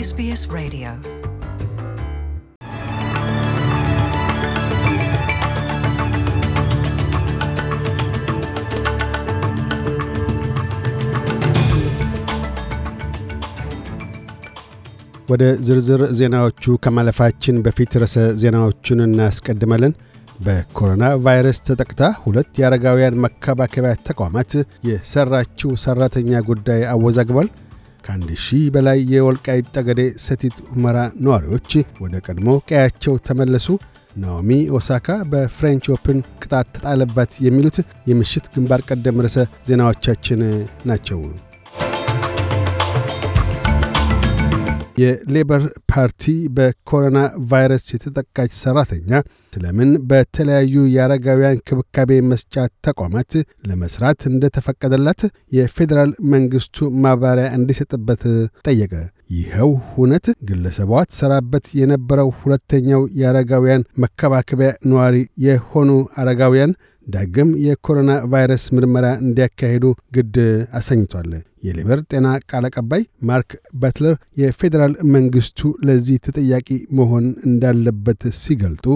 ኤስቢኤስ Radio. ወደ ዝርዝር ዜናዎቹ ከማለፋችን በፊት ርዕሰ ዜናዎቹን እናስቀድማለን። በኮሮና ቫይረስ ተጠቅታ ሁለት የአረጋውያን መከባከቢያ ተቋማት የሠራችው ሰራተኛ ጉዳይ አወዛግቧል። ከአንድ ሺህ በላይ የወልቃይት ጠገዴ ሰቲት ሁመራ ነዋሪዎች ወደ ቀድሞ ቀያቸው ተመለሱ። ናኦሚ ኦሳካ በፍሬንች ኦፕን ቅጣት ተጣለባት። የሚሉት የምሽት ግንባር ቀደም ርዕሰ ዜናዎቻችን ናቸው። የሌበር ፓርቲ በኮሮና ቫይረስ የተጠቃች ሠራተኛ ስለምን በተለያዩ የአረጋውያን ክብካቤ መስጫ ተቋማት ለመስራት እንደተፈቀደላት የፌዴራል መንግስቱ ማብራሪያ እንዲሰጥበት ጠየቀ። ይኸው ሁነት ግለሰቧ ትሠራበት የነበረው ሁለተኛው የአረጋውያን መከባከቢያ ነዋሪ የሆኑ አረጋውያን ዳግም የኮሮና ቫይረስ ምርመራ እንዲያካሂዱ ግድ አሰኝቷል። የሊበር ጤና ቃል አቀባይ ማርክ በትለር የፌዴራል መንግስቱ ለዚህ ተጠያቂ መሆን እንዳለበት ሲገልጡ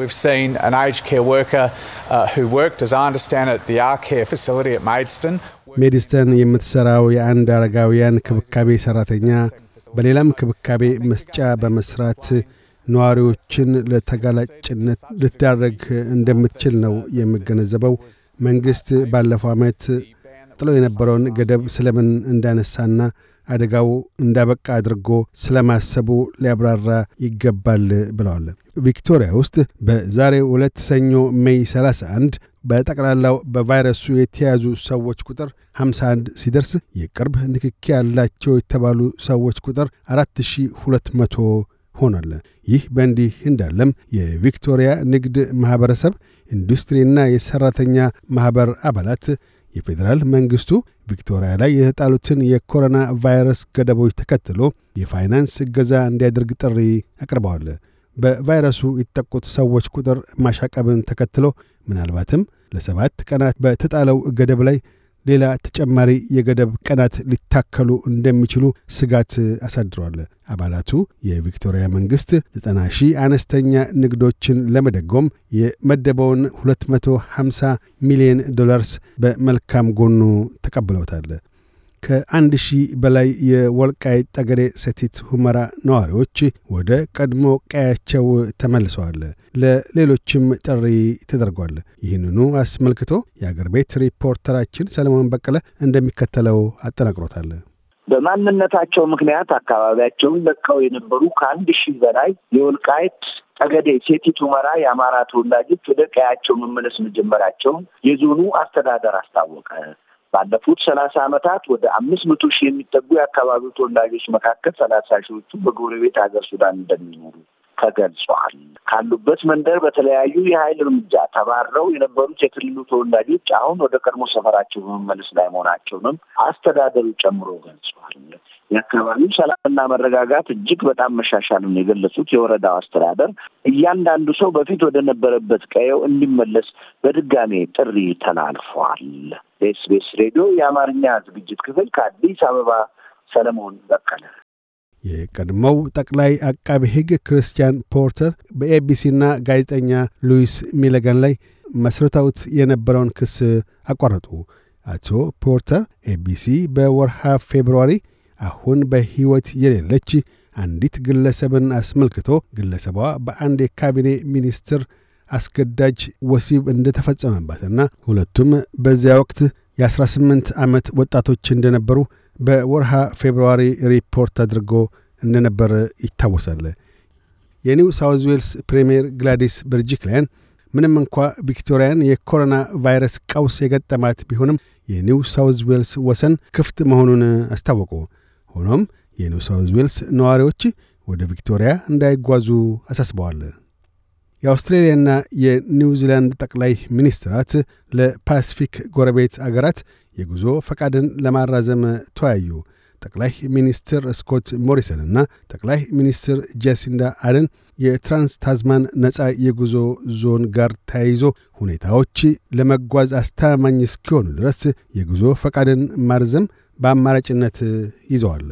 We've seen an aged care worker uh, who worked, as I understand it, the R Care facility at Maidstone. ሜዲስተን የምትሰራው የአንድ አረጋውያን ክብካቤ ሰራተኛ በሌላም ክብካቤ መስጫ በመስራት ነዋሪዎችን ለተጋላጭነት ልትዳረግ እንደምትችል ነው የምገነዘበው። መንግሥት ባለፈው ዓመት ጥሎ የነበረውን ገደብ ስለምን እንዳነሳና አደጋው እንዳበቃ አድርጎ ስለማሰቡ ሊያብራራ ይገባል ብለዋል። ቪክቶሪያ ውስጥ በዛሬ ሁለት ሰኞ ሜይ 31 በጠቅላላው በቫይረሱ የተያዙ ሰዎች ቁጥር 51 ሲደርስ የቅርብ ንክኪ ያላቸው የተባሉ ሰዎች ቁጥር 4200 ሆኗል። ይህ በእንዲህ እንዳለም የቪክቶሪያ ንግድ ማኅበረሰብ ኢንዱስትሪና የሠራተኛ ማኅበር አባላት የፌዴራል መንግሥቱ ቪክቶሪያ ላይ የተጣሉትን የኮሮና ቫይረስ ገደቦች ተከትሎ የፋይናንስ እገዛ እንዲያደርግ ጥሪ አቅርበዋል። በቫይረሱ የተጠቁት ሰዎች ቁጥር ማሻቀብን ተከትሎ ምናልባትም ለሰባት ቀናት በተጣለው ገደብ ላይ ሌላ ተጨማሪ የገደብ ቀናት ሊታከሉ እንደሚችሉ ስጋት አሳድሯል። አባላቱ የቪክቶሪያ መንግሥት 90 ሺህ አነስተኛ ንግዶችን ለመደጎም የመደበውን 250 ሚሊዮን ዶላርስ በመልካም ጎኑ ተቀብለውታል። ከአንድ ሺህ በላይ የወልቃይት ጠገዴ ሰቲት ሁመራ ነዋሪዎች ወደ ቀድሞ ቀያቸው ተመልሰዋል። ለሌሎችም ጥሪ ተደርጓል። ይህንኑ አስመልክቶ የአገር ቤት ሪፖርተራችን ሰለሞን በቀለ እንደሚከተለው አጠናቅሮታል። በማንነታቸው ምክንያት አካባቢያቸውን ለቀው የነበሩ ከአንድ ሺህ በላይ የወልቃይት ጠገዴ ሴቲት ሁመራ የአማራ ተወላጆች ወደ ቀያቸው መመለስ መጀመራቸውን የዞኑ አስተዳደር አስታወቀ። ባለፉት ሰላሳ አመታት ወደ አምስት መቶ ሺህ የሚጠጉ የአካባቢው ተወላጆች መካከል ሰላሳ ሺዎቹ በጎረቤት ሀገር ሱዳን እንደሚኖሩ ተገልጿል። ካሉበት መንደር በተለያዩ የኃይል እርምጃ ተባረው የነበሩት የክልሉ ተወላጆች አሁን ወደ ቀድሞ ሰፈራቸው በመመለስ ላይ መሆናቸውንም አስተዳደሩ ጨምሮ ገልጿል። የአካባቢው ሰላምና መረጋጋት እጅግ በጣም መሻሻሉን የገለጹት የወረዳው አስተዳደር እያንዳንዱ ሰው በፊት ወደ ነበረበት ቀየው እንዲመለስ በድጋሜ ጥሪ ተላልፏል። ኤስቢኤስ ሬዲዮ የአማርኛ ዝግጅት ክፍል ከአዲስ አበባ ሰለሞን በቀለ የቀድሞው ጠቅላይ አቃቢ ሕግ ክርስቲያን ፖርተር በኤቢሲና ጋዜጠኛ ሉዊስ ሚለጋን ላይ መስርተውት የነበረውን ክስ አቋረጡ። አቶ ፖርተር ኤቢሲ በወርሃ ፌብርዋሪ አሁን በሕይወት የሌለች አንዲት ግለሰብን አስመልክቶ ግለሰቧ በአንድ የካቢኔ ሚኒስትር አስገዳጅ ወሲብ እንደተፈጸመባትና ሁለቱም በዚያ ወቅት የ18 ዓመት ወጣቶች እንደነበሩ በወርሃ ፌብርዋሪ ሪፖርት አድርጎ እንደነበር ይታወሳል። የኒው ሳውዝ ዌልስ ፕሬምየር ግላዲስ በርጂክሊያን ምንም እንኳ ቪክቶሪያን የኮሮና ቫይረስ ቀውስ የገጠማት ቢሆንም የኒው ሳውዝ ዌልስ ወሰን ክፍት መሆኑን አስታወቁ። ሆኖም የኒው ሳውዝ ዌልስ ነዋሪዎች ወደ ቪክቶሪያ እንዳይጓዙ አሳስበዋል። የአውስትሬልያና የኒውዚላንድ ጠቅላይ ሚኒስትራት ለፓሲፊክ ጎረቤት አገራት የጉዞ ፈቃድን ለማራዘም ተወያዩ። ጠቅላይ ሚኒስትር ስኮት ሞሪሰን እና ጠቅላይ ሚኒስትር ጃሲንዳ አደን የትራንስ ታዝማን ነፃ የጉዞ ዞን ጋር ተያይዞ ሁኔታዎች ለመጓዝ አስተማማኝ እስኪሆኑ ድረስ የጉዞ ፈቃድን ማርዘም በአማራጭነት ይዘዋል።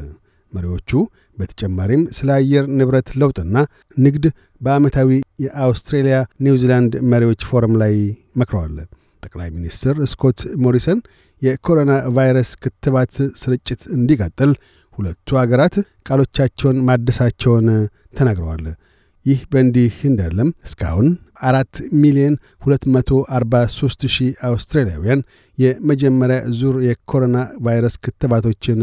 መሪዎቹ በተጨማሪም ስለ አየር ንብረት ለውጥና ንግድ በዓመታዊ የአውስትሬልያ ኒውዚላንድ መሪዎች ፎረም ላይ መክረዋል። ጠቅላይ ሚኒስትር ስኮት ሞሪሰን የኮሮና ቫይረስ ክትባት ስርጭት እንዲቀጥል ሁለቱ አገራት ቃሎቻቸውን ማደሳቸውን ተናግረዋል። ይህ በእንዲህ እንዳለም እስካሁን አራት ሚሊዮን 243 ሺህ አውስትራሊያውያን የመጀመሪያ ዙር የኮሮና ቫይረስ ክትባቶችን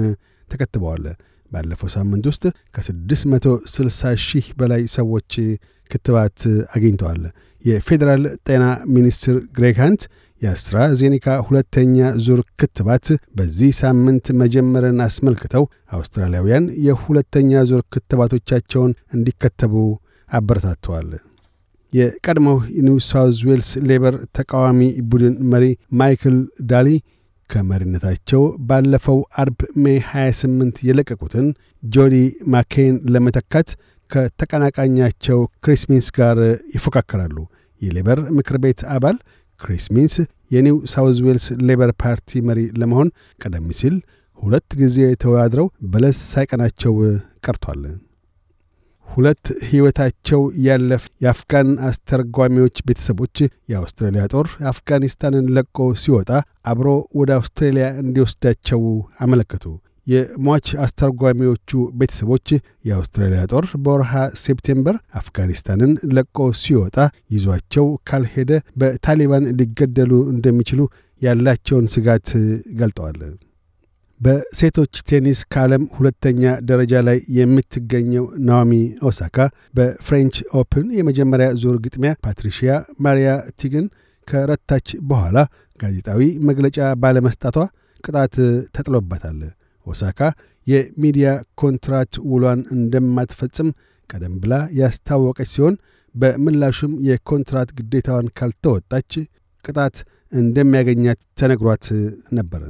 ተከትበዋል። ባለፈው ሳምንት ውስጥ ከ660 ሺህ በላይ ሰዎች ክትባት አግኝተዋል። የፌዴራል ጤና ሚኒስትር ግሬግ ሃንት የአስትራዜኒካ ሁለተኛ ዙር ክትባት በዚህ ሳምንት መጀመርን አስመልክተው አውስትራሊያውያን የሁለተኛ ዙር ክትባቶቻቸውን እንዲከተቡ አበረታተዋል። የቀድሞው የኒው ሳውዝ ዌልስ ሌበር ተቃዋሚ ቡድን መሪ ማይክል ዳሊ ከመሪነታቸው ባለፈው አርብ ሜ 28 የለቀቁትን ጆኒ ማኬን ለመተካት ከተቀናቃኛቸው ክሪስ ሚንስ ጋር ይፎካከራሉ። የሌበር ምክር ቤት አባል ክሪስ ሚንስ የኒው ሳውዝ ዌልስ ሌበር ፓርቲ መሪ ለመሆን ቀደም ሲል ሁለት ጊዜ ተወዳድረው በለስ ሳይቀናቸው ቀርቷል። ሁለት ሕይወታቸው ያለፍ የአፍጋን አስተርጓሚዎች ቤተሰቦች የአውስትራሊያ ጦር አፍጋኒስታንን ለቆ ሲወጣ አብሮ ወደ አውስትራሊያ እንዲወስዳቸው አመለከቱ። የሟች አስተርጓሚዎቹ ቤተሰቦች የአውስትራሊያ ጦር በወርሃ ሴፕቴምበር አፍጋኒስታንን ለቆ ሲወጣ ይዟቸው ካልሄደ በታሊባን ሊገደሉ እንደሚችሉ ያላቸውን ስጋት ገልጠዋል። በሴቶች ቴኒስ ከዓለም ሁለተኛ ደረጃ ላይ የምትገኘው ናኦሚ ኦሳካ በፍሬንች ኦፕን የመጀመሪያ ዙር ግጥሚያ ፓትሪሺያ ማሪያ ቲግን ከረታች በኋላ ጋዜጣዊ መግለጫ ባለመስጣቷ ቅጣት ተጥሎበታል። ኦሳካ የሚዲያ ኮንትራት ውሏን እንደማትፈጽም ቀደም ብላ ያስታወቀች ሲሆን በምላሹም የኮንትራት ግዴታዋን ካልተወጣች ቅጣት እንደሚያገኛት ተነግሯት ነበር።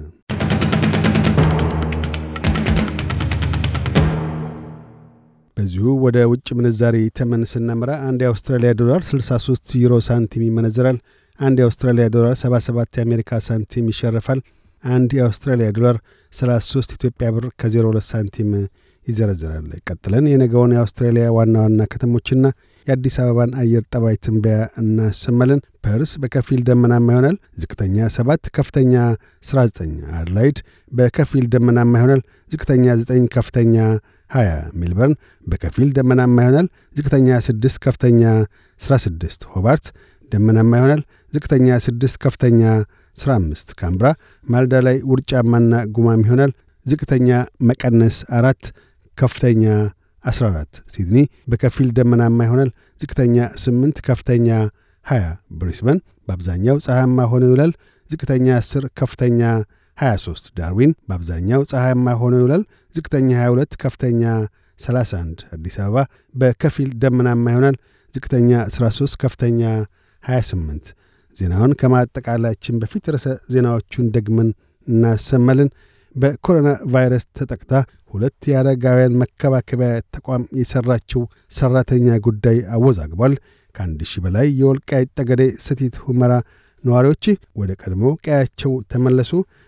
በዚሁ ወደ ውጭ ምንዛሪ ተመን ስናመራ አንድ የአውስትራሊያ ዶላር 63 ዩሮ ሳንቲም ይመነዝራል አንድ የአውስትራሊያ ዶላር 77 የአሜሪካ ሳንቲም ይሸርፋል። አንድ የአውስትራሊያ ዶላር 33 ኢትዮጵያ ብር ከ02 ሳንቲም ይዘረዝራል። ቀጥለን የነገውን የአውስትራሊያ ዋና ዋና ከተሞችና የአዲስ አበባን አየር ጠባይ ትንበያ እናሰማለን። ፐርስ በከፊል ደመናማ ይሆናል። ዝቅተኛ 7 ከፍተኛ 19። አድላይድ በከፊል ደመናማ ይሆናል። ዝቅተኛ 9 ከፍተኛ 20 ሜልበርን በከፊል ደመናማ ይሆናል። ዝቅተኛ 6 ከፍተኛ 16 ሆባርት ደመናማ ይሆናል። ዝቅተኛ 6 ከፍተኛ 15 ካምብራ ማልዳ ላይ ውርጫማና ጉማም ይሆናል። ዝቅተኛ መቀነስ አራት ከፍተኛ 14 ሲድኒ በከፊል ደመናማ ይሆናል። ዝቅተኛ 8 ከፍተኛ 20 ብሪስበን በአብዛኛው ፀሐያማ ሆኖ ይውላል። ዝቅተኛ 10 ከፍተኛ 23 ዳርዊን በአብዛኛው ፀሐያማ ሆኖ ይውላል። ዝቅተኛ 22፣ ከፍተኛ 31 አዲስ አበባ በከፊል ደመናማ ይሆናል። ዝቅተኛ 13፣ ከፍተኛ 28። ዜናውን ከማጠቃላያችን በፊት ርዕሰ ዜናዎቹን ደግመን እናሰመልን በኮሮና ቫይረስ ተጠቅታ ሁለት የአረጋውያን መከባከቢያ ተቋም የሠራችው ሠራተኛ ጉዳይ አወዛግቧል። ከአንድ ሺህ በላይ የወልቃይት ጠገዴ ሰቲት ሁመራ ነዋሪዎች ወደ ቀድሞ ቀያቸው ተመለሱ።